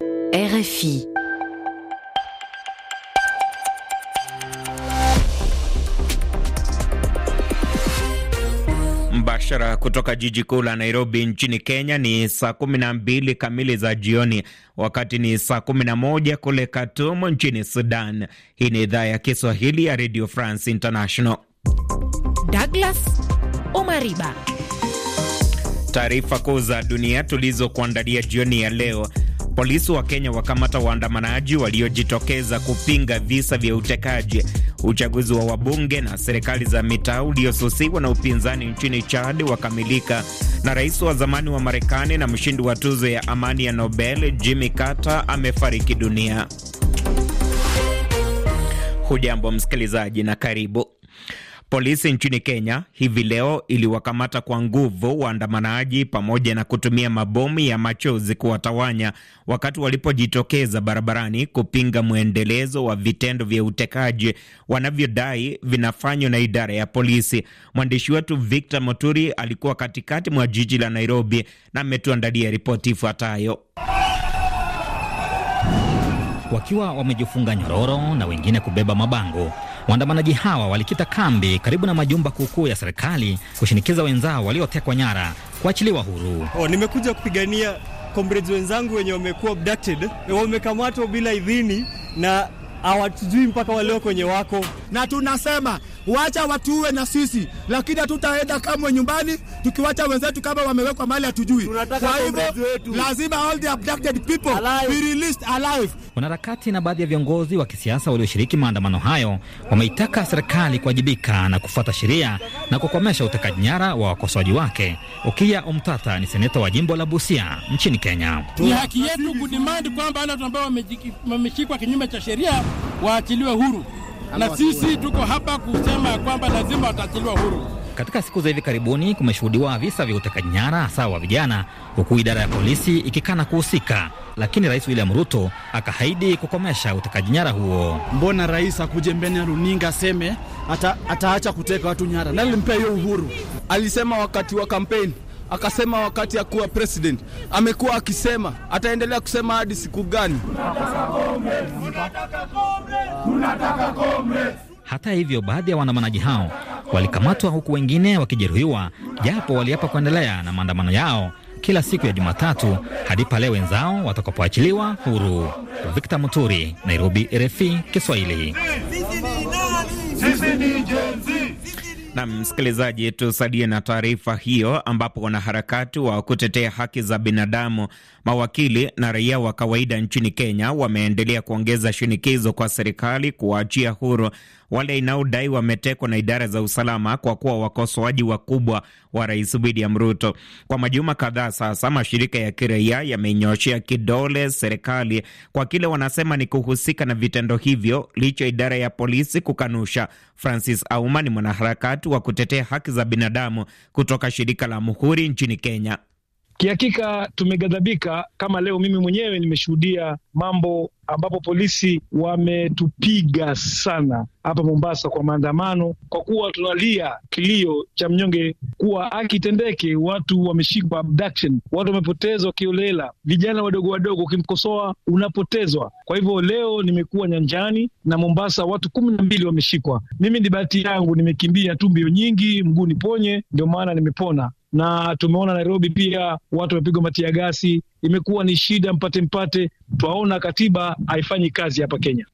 RFI. Mbashara kutoka jiji kuu la Nairobi nchini Kenya ni saa 12 kamili za jioni, wakati ni saa 11 kule Khartoum nchini Sudan. Hii ni idhaa ya Kiswahili ya Radio France International. Douglas Omariba, taarifa kuu za dunia tulizokuandalia jioni ya leo. Polisi wa Kenya wakamata waandamanaji waliojitokeza kupinga visa vya utekaji. Uchaguzi wa wabunge na serikali za mitaa uliosusiwa na upinzani nchini Chad wakamilika, na rais wa zamani wa Marekani na mshindi wa tuzo ya amani ya Nobel Jimmy Carter amefariki dunia. Hujambo msikilizaji na karibu. Polisi nchini Kenya hivi leo iliwakamata kwa nguvu waandamanaji pamoja na kutumia mabomu ya machozi kuwatawanya wakati walipojitokeza barabarani kupinga mwendelezo wa vitendo vya utekaji wanavyodai vinafanywa na idara ya polisi. Mwandishi wetu Victor Moturi alikuwa katikati mwa jiji la Nairobi na ametuandalia ripoti ifuatayo. Wakiwa wamejifunga nyororo na wengine kubeba mabango Waandamanaji hawa walikita kambi karibu na majumba kuukuu ya serikali kushinikiza wenzao waliotekwa nyara kuachiliwa huru. Oh, nimekuja kupigania comrades wenzangu wenye wamekuwa abducted, wamekamatwa bila idhini na hawatujui mpaka walio kwenye wako, na tunasema wacha watuue na sisi, lakini hatutaenda kamwe nyumbani tukiwacha wenzetu kama wamewekwa mahali hatujui. Kwa hivyo lazima all the abducted people be released alive. Wanaharakati na baadhi ya viongozi wa kisiasa walioshiriki maandamano hayo wameitaka serikali kuwajibika na kufuata sheria na kukomesha utekaji nyara wa wakosoaji wake. ukia Omtata ni seneta wa jimbo la Busia nchini Kenya. Ni haki yetu kudimandi kwamba wale watu ambao wameshikwa kinyume cha sheria waachiliwe huru na sisi tuko hapa kusema ya kwamba lazima watatiliwa huru. Katika siku za hivi karibuni kumeshuhudiwa visa vya utekaji nyara hasa wa vijana, huku idara ya polisi ikikana kuhusika, lakini Rais William Ruto akahaidi kukomesha utekaji nyara huo. Mbona rais akuje mbele ya runinga aseme ataacha kuteka watu nyara? Nani alimpea hiyo uhuru? Alisema wakati wa kampeni akasema wakati akuwa president, amekuwa akisema, ataendelea kusema hadi siku gani? Hata hivyo, baadhi ya waandamanaji hao walikamatwa huku wengine wakijeruhiwa, japo waliapa kuendelea na maandamano yao kila siku ya Jumatatu hadi pale wenzao watakapoachiliwa huru. Victor Muturi, Nairobi, RFI Kiswahili. Sisi ni nani? Sisi ni na msikilizaji, tusalie na taarifa hiyo, ambapo wanaharakati wa kutetea haki za binadamu, mawakili na raia wa kawaida nchini Kenya wameendelea kuongeza shinikizo kwa serikali kuwaachia huru wale inaodai wametekwa na idara za usalama kwa kuwa wakosoaji wakubwa wa rais William Ruto. Kwa majuma kadhaa sasa, mashirika ya kiraia yameinyoshea kidole serikali kwa kile wanasema ni kuhusika na vitendo hivyo, licha idara ya polisi kukanusha. Francis Auma ni mwanaharakati wa kutetea haki za binadamu kutoka shirika la Muhuri nchini Kenya. Kihakika tumeghadhabika. Kama leo mimi mwenyewe nimeshuhudia mambo ambapo polisi wametupiga sana hapa Mombasa kwa maandamano, kwa kuwa tunalia kilio cha mnyonge kuwa akitendeke. Watu wameshikwa abduction, watu wamepotezwa kiolela, vijana wadogo wadogo, ukimkosoa unapotezwa. Kwa hivyo leo nimekuwa nyanjani na Mombasa, watu kumi na mbili wameshikwa. Mimi ni bahati yangu, nimekimbia tu mbio nyingi, mguu niponye, ndio maana nimepona na tumeona Nairobi pia watu wamepigwa matia gasi. Imekuwa ni shida mpate mpate, twaona katiba haifanyi kazi hapa Kenya.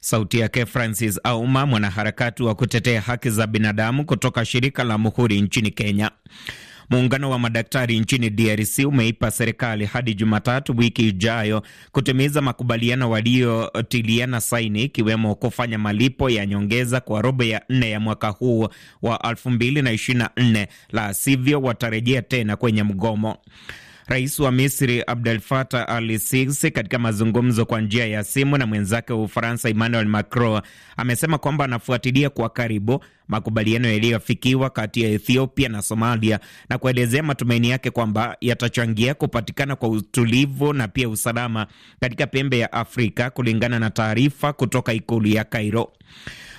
Sauti yake Francis Auma, mwanaharakati wa kutetea haki za binadamu kutoka shirika la Muhuri nchini Kenya. Muungano wa madaktari nchini DRC umeipa serikali hadi Jumatatu wiki ijayo kutimiza makubaliano waliotiliana saini, ikiwemo kufanya malipo ya nyongeza kwa robo ya nne ya mwaka huu wa 2024, la sivyo watarejea tena kwenye mgomo. Rais wa Misri Abdel Fattah Al Sisi, katika mazungumzo kwa njia ya simu na mwenzake wa Ufaransa Emmanuel Macron, amesema kwamba anafuatilia kwa karibu makubaliano yaliyofikiwa kati ya Ethiopia na Somalia na kuelezea matumaini yake kwamba yatachangia kupatikana kwa utulivu na pia usalama katika pembe ya Afrika, kulingana na taarifa kutoka ikulu ya Cairo.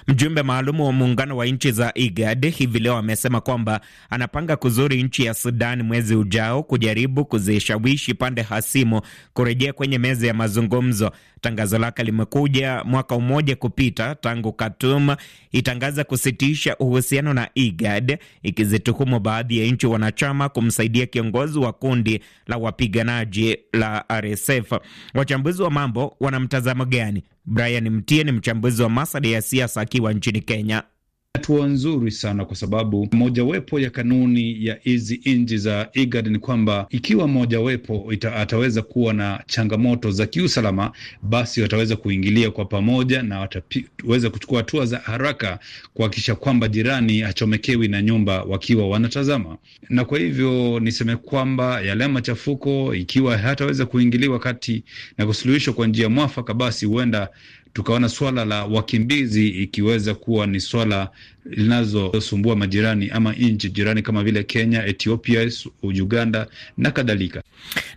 Mjumbe maalum wa muungano wa nchi za IGAD hivi leo amesema kwamba anapanga kuzuri nchi ya Sudan mwezi ujao kujaribu kuzishawishi pande hasimu kurejea kwenye meza ya mazungumzo. Tangazo lake limekuja mwaka mmoja kupita tangu Khartoum itangaza kusitisha uhusiano na IGAD, ikizituhumu baadhi ya nchi wanachama kumsaidia kiongozi wa kundi la wapiganaji la RSF. Wachambuzi wa mambo wana mtazamo gani? Brian Mtie ni mchambuzi wa masada ya siasa akiwa nchini Kenya hatua nzuri sana, kwa sababu mojawapo ya kanuni ya hizi nchi za IGAD ni kwamba ikiwa mojawapo ataweza kuwa na changamoto za kiusalama, basi wataweza kuingilia kwa pamoja na wataweza kuchukua hatua za haraka kuhakikisha kwamba jirani achomekewi na nyumba wakiwa wanatazama. Na kwa hivyo niseme kwamba yale machafuko, ikiwa hataweza kuingiliwa kati na kusuluhishwa kwa njia mwafaka, basi huenda tukaona swala la wakimbizi ikiweza kuwa ni swala linazosumbua majirani ama nchi jirani kama vile Kenya, Ethiopia, Uganda na kadhalika.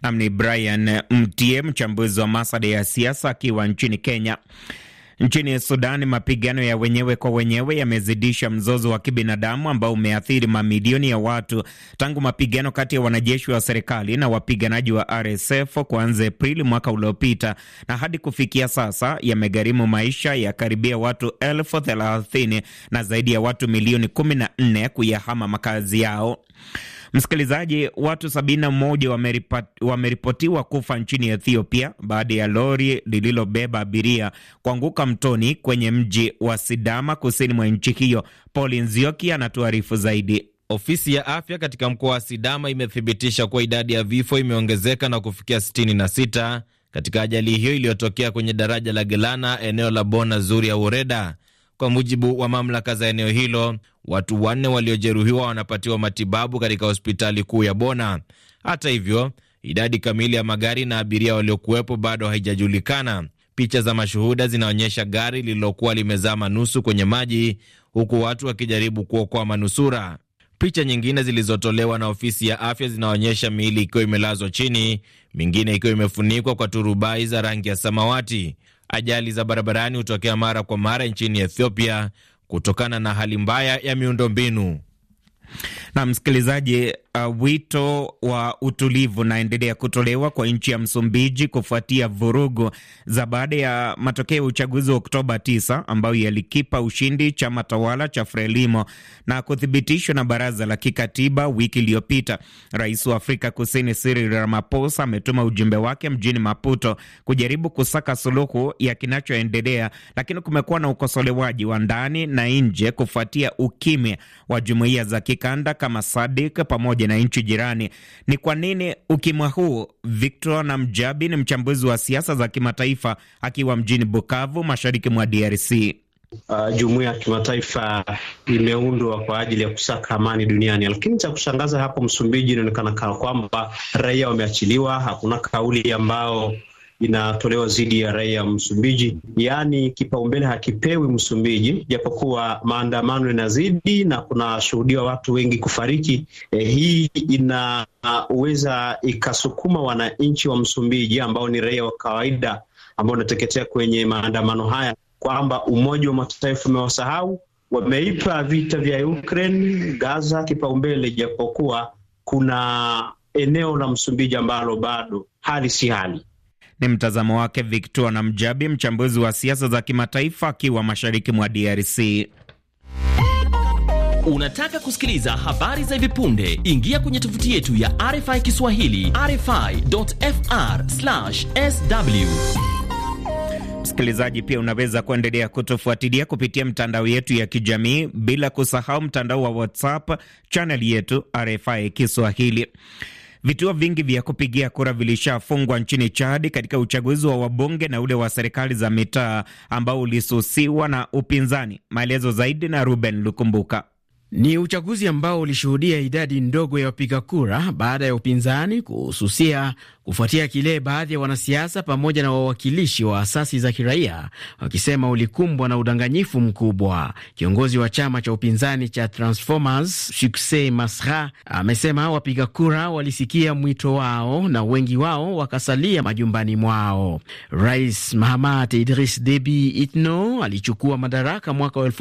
Nam ni Brian Mtie, mchambuzi wa masada ya siasa akiwa nchini Kenya. Nchini Sudan, mapigano ya wenyewe kwa wenyewe yamezidisha mzozo wa kibinadamu ambao umeathiri mamilioni ya watu tangu mapigano kati ya wanajeshi wa serikali na wapiganaji wa RSF kuanza Aprili mwaka uliopita, na hadi kufikia sasa yamegharimu maisha ya karibia watu elfu thelathini na zaidi ya watu milioni 14 kuyahama makazi yao. Msikilizaji, watu sabini na mmoja wameripotiwa kufa nchini Ethiopia baada ya lori lililobeba abiria kuanguka mtoni kwenye mji wa Sidama kusini mwa nchi hiyo. Paul Nzioki anatuarifu zaidi. Ofisi ya afya katika mkoa wa Sidama imethibitisha kuwa idadi ya vifo imeongezeka na kufikia 66 katika ajali hiyo iliyotokea kwenye daraja la Gelana eneo la Bona Zuri ya Ureda. Kwa mujibu wa mamlaka za eneo hilo, watu wanne waliojeruhiwa wanapatiwa matibabu katika hospitali kuu ya Bona. Hata hivyo, idadi kamili ya magari na abiria waliokuwepo bado haijajulikana. Picha za mashuhuda zinaonyesha gari lililokuwa limezama nusu kwenye maji, huku watu wakijaribu kuokoa manusura. Picha nyingine zilizotolewa na ofisi ya afya zinaonyesha miili ikiwa imelazwa chini, mingine ikiwa imefunikwa kwa turubai za rangi ya samawati. Ajali za barabarani hutokea mara kwa mara nchini Ethiopia kutokana na hali mbaya ya miundombinu. Na msikilizaji, uh, wito wa utulivu unaendelea kutolewa kwa nchi ya Msumbiji kufuatia vurugu za baada ya matokeo ya uchaguzi wa Oktoba 9 ambayo yalikipa ushindi chama tawala cha Frelimo na kuthibitishwa na baraza la kikatiba wiki iliyopita. Rais wa Afrika Kusini Cyril Ramaphosa ametuma ujumbe wake mjini Maputo kujaribu kusaka suluhu ya kinachoendelea, lakini kumekuwa na ukosolewaji wa ndani na nje kufuatia ukimya wa jumuiya za kikanda kama SADC pamoja pamoja na nchi jirani. Ni kwa nini ukimwa huu? Victor na Mjabi ni mchambuzi wa siasa za kimataifa akiwa mjini Bukavu, mashariki mwa DRC. Uh, ah, jumuiya ya kimataifa imeundwa kwa ajili ya kusaka amani duniani, lakini cha kushangaza hapo Msumbiji inaonekana kana kwamba raia wameachiliwa, hakuna kauli ambao inatolewa dhidi ya raia Msumbiji, yaani kipaumbele hakipewi Msumbiji, japokuwa maandamano yanazidi na kunashuhudiwa watu wengi kufariki. E, hii inaweza ikasukuma wananchi wa Msumbiji ambao ni raia wa kawaida ambao wanateketea kwenye maandamano haya kwamba Umoja wa Mataifa umewasahau, wameipa vita vya Ukraine, Gaza kipaumbele, japokuwa kuna eneo la Msumbiji ambalo bado hali si hali. Ni mtazamo wake Victor na Mjabi, mchambuzi wa siasa za kimataifa akiwa mashariki mwa DRC. Unataka kusikiliza habari za hivi punde? Ingia kwenye tovuti yetu ya RFI Kiswahili, rfi.fr/sw. Msikilizaji, pia unaweza kuendelea kutufuatilia kupitia mtandao yetu ya kijamii, bila kusahau mtandao wa WhatsApp chanel yetu RFI Kiswahili. Vituo vingi vya kupigia kura vilishafungwa nchini Chad katika uchaguzi wa wabunge na ule wa serikali za mitaa ambao ulisusiwa na upinzani. Maelezo zaidi na Ruben Lukumbuka. Ni uchaguzi ambao ulishuhudia idadi ndogo ya wapiga kura baada ya upinzani kuhususia kufuatia kile baadhi ya wanasiasa pamoja na wawakilishi wa asasi za kiraia wakisema ulikumbwa na udanganyifu mkubwa. Kiongozi wa chama cha upinzani cha Transformers Succes Masra amesema wapiga kura walisikia mwito wao na wengi wao wakasalia majumbani mwao. Rais Mahamat Idris Debi Itno alichukua madaraka mwaka wa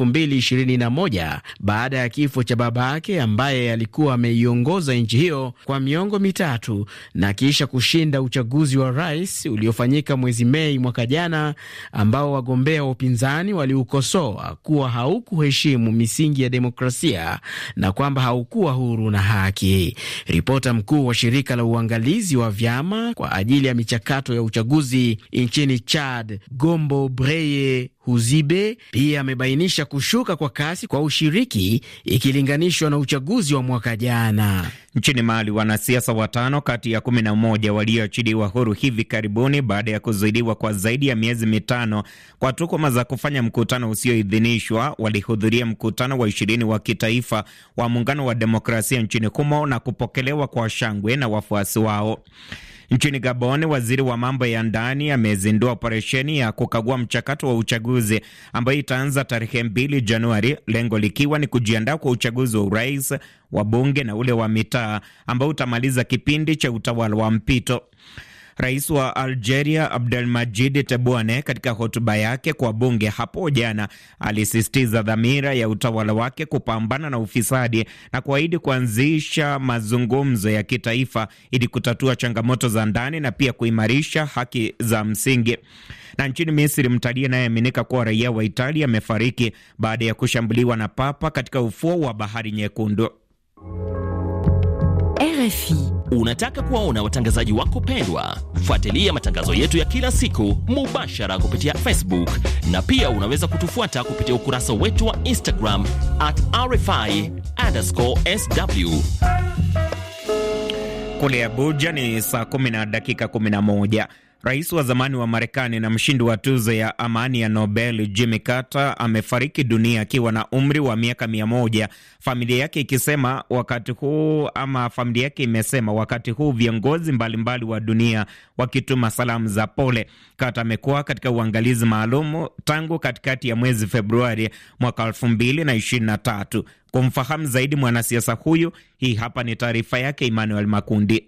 baada ya kifo cha baba yake ambaye alikuwa ameiongoza nchi hiyo kwa miongo mitatu na kisha kushinda uchaguzi wa rais uliofanyika mwezi Mei mwaka jana, ambao wagombea wa upinzani waliukosoa kuwa haukuheshimu misingi ya demokrasia na kwamba haukuwa huru na haki. Ripota mkuu wa shirika la uangalizi wa vyama kwa ajili ya michakato ya uchaguzi nchini Chad, Gombo Breye Huzibe pia amebainisha kushuka kwa kasi kwa ushiriki ikilinganishwa na uchaguzi wa mwaka jana. Nchini Mali, wanasiasa watano kati ya kumi na moja walioachiliwa huru hivi karibuni baada ya kuzuiliwa kwa zaidi ya miezi mitano kwa tuhuma za kufanya mkutano usioidhinishwa walihudhuria mkutano wa ishirini wa kitaifa wa muungano wa demokrasia nchini humo na kupokelewa kwa shangwe na wafuasi wao. Nchini Gabon, waziri wa mambo ya ndani amezindua operesheni ya kukagua mchakato wa uchaguzi ambayo itaanza tarehe mbili Januari, lengo likiwa ni kujiandaa kwa uchaguzi wa urais, wa bunge na ule wa mitaa ambao utamaliza kipindi cha utawala wa mpito. Rais wa Algeria Abdelmadjid Tebboune katika hotuba yake kwa bunge hapo jana alisisitiza dhamira ya utawala wake kupambana na ufisadi na kuahidi kuanzisha mazungumzo ya kitaifa ili kutatua changamoto za ndani na pia kuimarisha haki za msingi. Na nchini Misri, mtalii anayeaminika kuwa raia wa Italia amefariki baada ya kushambuliwa na papa katika ufuo wa bahari Nyekundu. RFI Unataka kuwaona watangazaji wako pendwa? Fuatilia matangazo yetu ya kila siku mubashara kupitia Facebook na pia unaweza kutufuata kupitia ukurasa wetu wa Instagram at RFI underscore sw. Kule Abuja ni saa 1 na dakika 11 Rais wa zamani wa Marekani na mshindi wa tuzo ya amani ya Nobel Jimmy Carter amefariki dunia akiwa na umri wa miaka mia moja, familia yake ikisema wakati huu ama familia yake imesema wakati huu viongozi mbalimbali wa dunia wakituma salamu za pole. Carter amekuwa katika uangalizi maalum tangu katikati ya mwezi Februari mwaka elfu mbili na ishirini na tatu. Kumfahamu zaidi mwanasiasa huyu, hii hapa ni taarifa yake. Emmanuel Makundi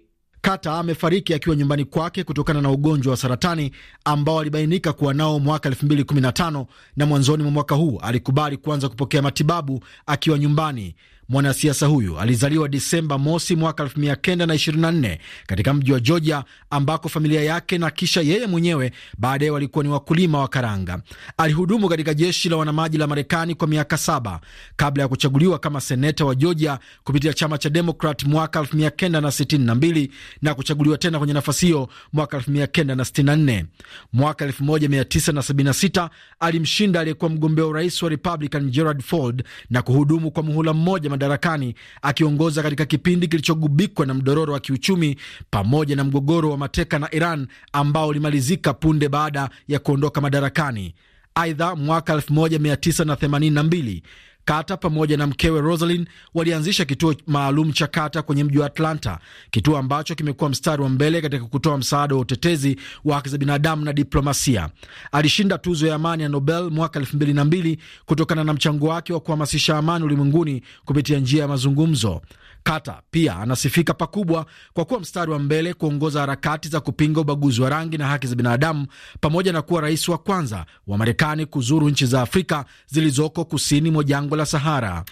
kata amefariki akiwa nyumbani kwake kutokana na ugonjwa wa saratani ambao alibainika kuwa nao mwaka 2015 na mwanzoni mwa mwaka huu alikubali kuanza kupokea matibabu akiwa nyumbani. Mwanasiasa huyu alizaliwa Disemba mosi mwaka 1924 katika mji wa Georgia, ambako familia yake na kisha yeye mwenyewe baadaye walikuwa ni wakulima wa karanga. Alihudumu katika jeshi la wanamaji la Marekani kwa miaka saba kabla ya kuchaguliwa kama seneta wa Georgia kupitia chama cha Demokrat mwaka 1962 na kuchaguliwa tena kwenye nafasi hiyo mwaka 1964. Mwaka 1976 alimshinda aliyekuwa mgombea urais wa Republican Gerald Ford na kuhudumu kwa muhula mmoja madarakani akiongoza katika kipindi kilichogubikwa na mdororo wa kiuchumi pamoja na mgogoro wa mateka na Iran ambao ulimalizika punde baada ya kuondoka madarakani. Aidha, mwaka 1982 kata pamoja na mkewe rosalin walianzisha kituo maalum cha kata kwenye mji wa Atlanta, kituo ambacho kimekuwa mstari wa mbele katika kutoa msaada wa utetezi wa haki za binadamu na diplomasia. Alishinda tuzo ya amani ya Nobel mwaka mbili kutokana na mchango wake wa kuhamasisha amani ulimwenguni kupitia njia ya mazungumzo. Kata pia anasifika pakubwa kwa kuwa mstari wa mbele kuongoza harakati za kupinga ubaguzi wa rangi na haki za binadamu pamoja na kuwa rais wa kwanza wa Marekani kuzuru nchi za Afrika zilizoko kusini mwa jangwa la Sahara.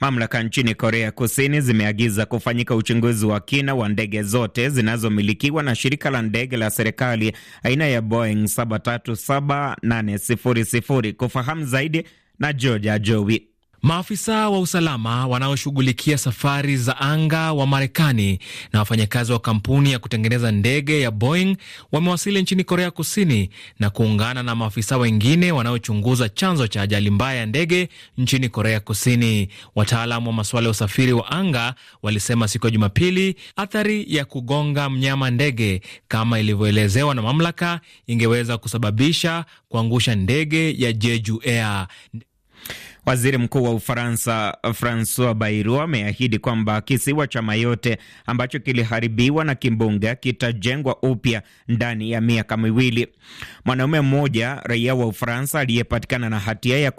Mamlaka nchini Korea Kusini zimeagiza kufanyika uchunguzi wa kina wa ndege zote zinazomilikiwa na shirika la ndege la serikali aina ya Boeing 737-800 kufahamu zaidi na Georgia Jowi. Maafisa wa usalama wanaoshughulikia safari za anga wa Marekani na wafanyakazi wa kampuni ya kutengeneza ndege ya Boeing wamewasili nchini Korea Kusini na kuungana na maafisa wengine wanaochunguza chanzo cha ajali mbaya ya ndege nchini Korea Kusini. Wataalamu wa masuala ya usafiri wa anga walisema siku ya Jumapili athari ya kugonga mnyama ndege kama ilivyoelezewa na mamlaka ingeweza kusababisha kuangusha ndege ya Jeju Air. Waziri Mkuu wa Ufaransa Francois Bayrou ameahidi kwamba kisiwa cha Mayotte ambacho kiliharibiwa na kimbunga kitajengwa upya ndani ya miaka miwili. Mwanaume mmoja raia wa Ufaransa aliyepatikana na hatia ya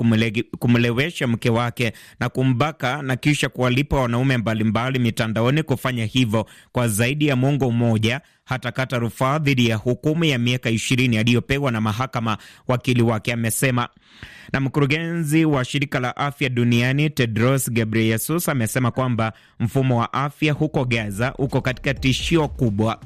kumlewesha mke wake na kumbaka na kisha kuwalipa wanaume mbalimbali mitandaoni kufanya hivyo kwa zaidi ya mwongo mmoja hatakata rufaa dhidi ya hukumu ya miaka ishirini aliyopewa na mahakama, wakili wake amesema. Na mkurugenzi wa shirika la afya duniani Tedros Ghebreyesus amesema kwamba mfumo wa afya huko Gaza uko katika tishio kubwa.